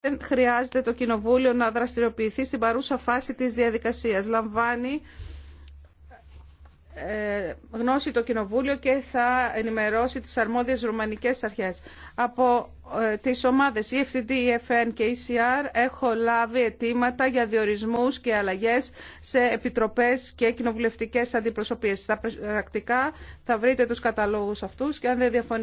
δεν χρειάζεται το Κοινοβούλιο να δραστηριοποιηθεί στην παρούσα φάση της διαδικασίας. Λαμβάνει ε, γνώση το Κοινοβούλιο και θα ενημερώσει τις αρμόδιες ρουμανικές αρχές. Από ε, τις ομάδες EFTD, EFN και ECR έχω λάβει αιτήματα για διορισμούς και αλλαγές σε επιτροπές και κοινοβουλευτικές αντιπροσωπείες. Στα πρακτικά θα βρείτε τους καταλόγους αυτούς και αν δεν διαφωνείτε